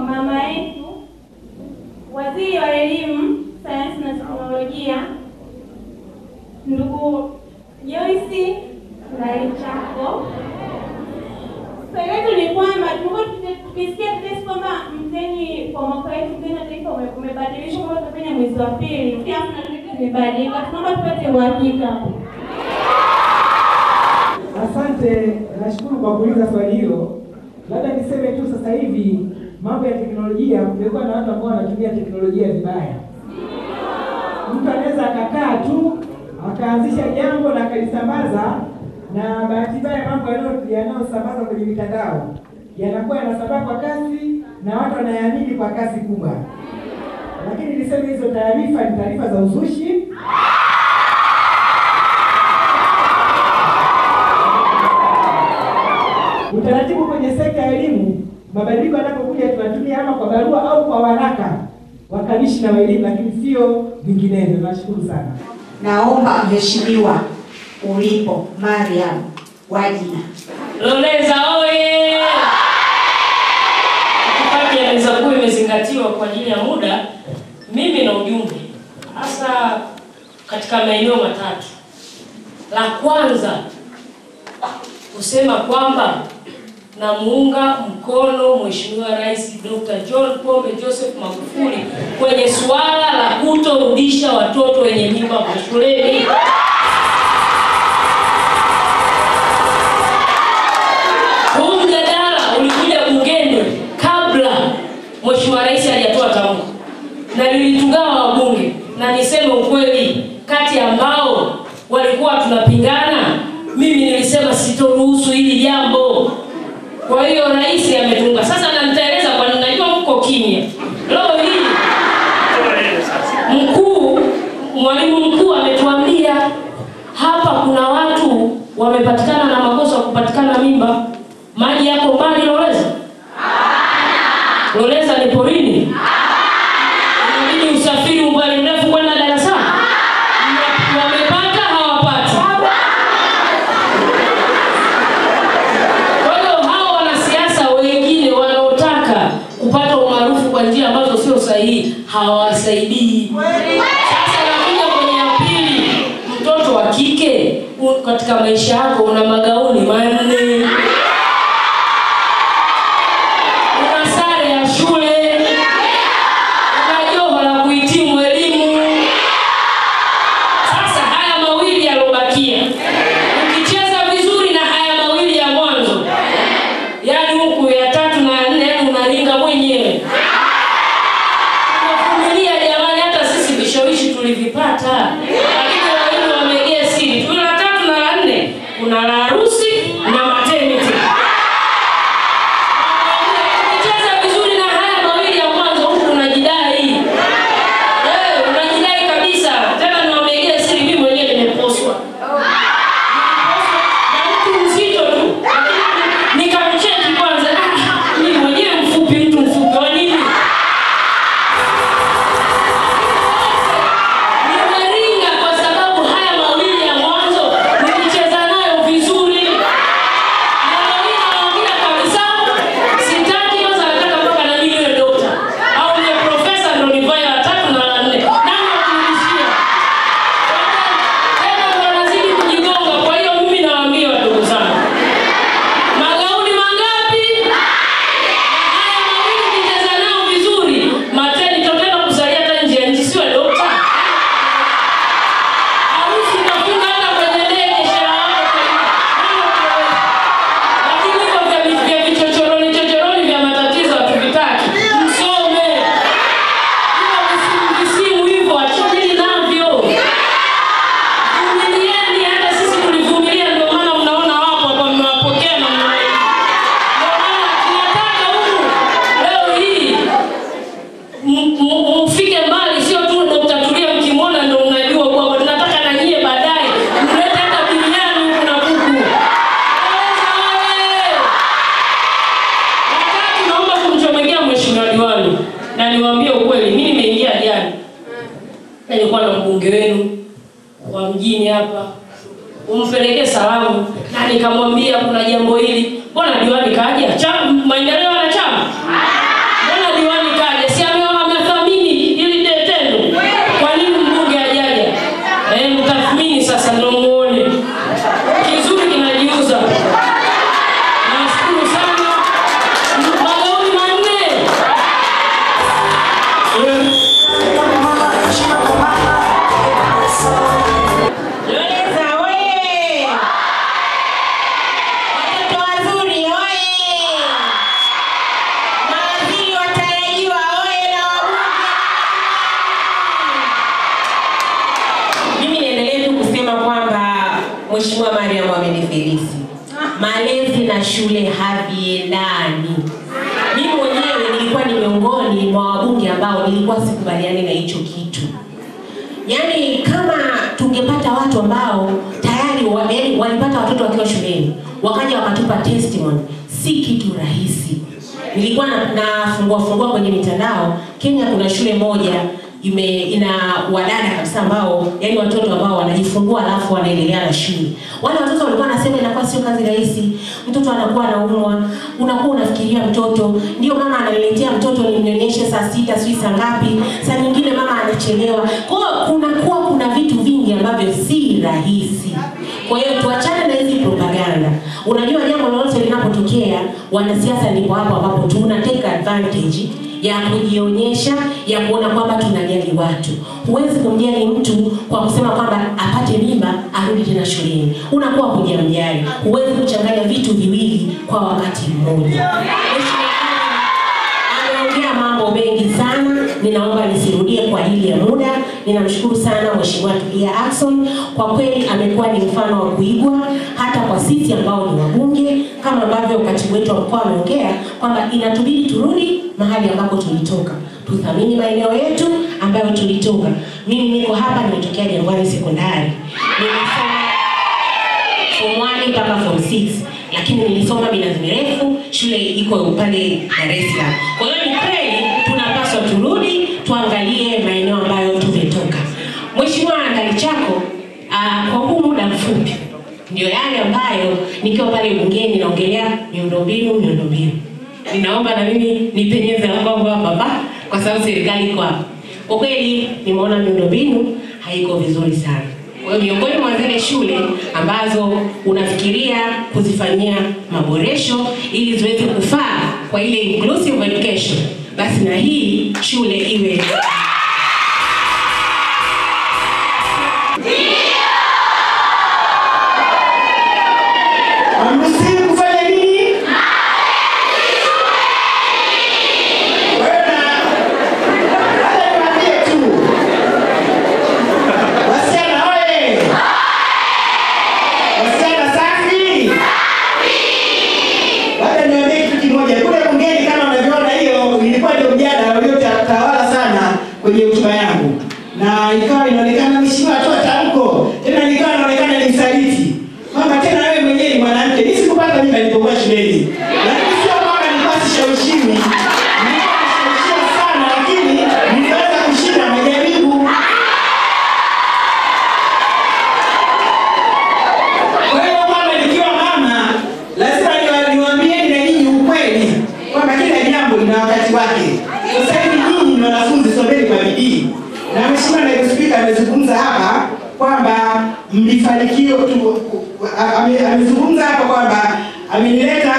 mama yetu waziri wa elimu, sayansi na teknolojia, ndugu Joyce Ndalichako. Swali letu ni kwamba tulikuwa tukisikia tetesi kwamba mtihani kwa mwaka wetu tena taifa umebadilishwa kwamba tutafanya mwezi wa pili, afu na Tunaomba tupate uhakika. Asante, nashukuru kwa kuuliza swali hilo. Labda niseme tu sasa hivi mambo ya teknolojia, kumekuwa na watu ambao wanatumia teknolojia vibaya. Mtu anaweza akakaa tu akaanzisha jambo na akalisambaza, na bahati mbaya mambo yanayosambazwa kwenye mitandao yanakuwa yanasambaa kwa kasi na watu wanayaamini kwa kasi kubwa. Lakini niseme hizo taarifa ni taarifa za uzushi utaratibu kwenye sekta ya elimu Mabadiliko yanapokuja tunatumia ama kwa barua au kwa waraka wakanishi na waelimu, lakini sio vinginevyo. Nashukuru sana. Naomba mheshimiwa ulipo Mariam Wajina Loleza oye! Itifaki ya meza kuu imezingatiwa kwa ajili ya muda. Mimi na ujumbe hasa katika maeneo matatu. La kwanza kusema kwamba namuunga mkono Mheshimiwa Rais Dr. John Pombe Joseph Magufuli kwenye suala la kutorudisha watoto wenye mimba mashuleni. Huu mjadala ulikuja bungeni kabla Mheshimiwa Rais hajatoa tamko, na nilitugawa wabunge, na niseme ukweli, kati ambao walikuwa tunapingana, mimi nilisema sitoruhusu hili jambo kwa hiyo rais ametunga. Sasa namtaeleza kwa nini najua mko kimya. Leo hii mkuu mwalimu mkuu ametuambia hapa kuna watu wamepatikana nini hawawasaidii. Sasa nakuja kwenye ya pili, mtoto wa kike katika maisha yako una magauni manne alikuwa na mbunge wenu wa mjini hapa, umpelekee salamu na nikamwambia kuna jambo hili, mbona diwani kaja cha maendeleo na shule haviendani. Mimi mwenyewe nilikuwa ni miongoni mwa wabunge ambao nilikuwa sikubaliani na hicho kitu. Yaani kama tungepata watu ambao tayari wabeni, yaani walipata watoto wakiwa shuleni wakaja wakatupa testimony, si kitu rahisi. Nilikuwa nafungua fungua kwenye mitandao, Kenya kuna shule moja ime ina wadada kabisa ambao yani watoto ambao wanajifungua alafu wanaendelea na shule. Wale watoto walikuwa nasema inakuwa sio kazi rahisi, mtoto anakuwa anaumwa, unakuwa unafikiria mtoto, ndio mama analetea mtoto nimnyonyeshe saa sita sijui saa ngapi, saa nyingine mama anachelewa. Kwa hiyo kunakuwa kuna vitu vingi ambavyo si rahisi. Kwa hiyo tuachane na hizi propaganda. Unajua jambo lolote linapotokea, wanasiasa ndipo hapo ambapo tunateka advantage ya kujionyesha, ya kuona kwamba tunajali watu. Huwezi kumjali mtu kwa kusema kwamba apate mimba arudi tena shuleni, unakuwa kujamjali Huwezi kuchanganya vitu viwili kwa wakati mmoja. Ameongea mambo mengi sana. Ninaomba nisirudie kwa ajili ya muda. Ninamshukuru sana Mheshimiwa Tulia Ackson, kwa kweli amekuwa ni mfano wa kuigwa hata kwa sisi ambao ni wabunge, kama ambavyo katibu wetu wa mkoa ameongea kwamba inatubidi turudi mahali ambapo tulitoka, tuthamini maeneo yetu ambayo tulitoka. Mimi niko hapa, nimetokea Jangwani Sekondari, nimesoma form 1 mpaka form 6 lakini nilisoma Minazi Mirefu, shule iko pale Dar es Salaam. Kwa hiyo ni kweli ndio yale ambayo nikiwa pale bungeni naongelea miundombinu, miundombinu. Ninaomba na mimi nipenyeze mgongo hapa hapa, kwa sababu serikali kwa Kwa kweli nimeona miundombinu haiko vizuri sana. Kwa hiyo miongoni mwa zile shule ambazo unafikiria kuzifanyia maboresho ili ziweze kufaa kwa ile inclusive education, basi na hii shule iwe ikaw inonekana amezungumza hapa kwamba amenileta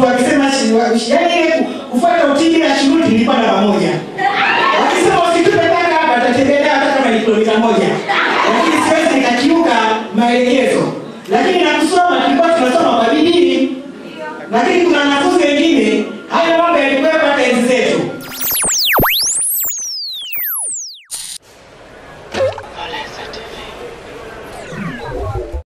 tu wakisema yaani ile kufuata utindi na shuruti nilikuwa namba moja. Wakisema usitupe taka hapa atategemea hata kama ni kilomita moja. Lakini siwezi nikakiuka maelekezo. Lakini na kusoma tulikuwa tunasoma kwa bidii. Lakini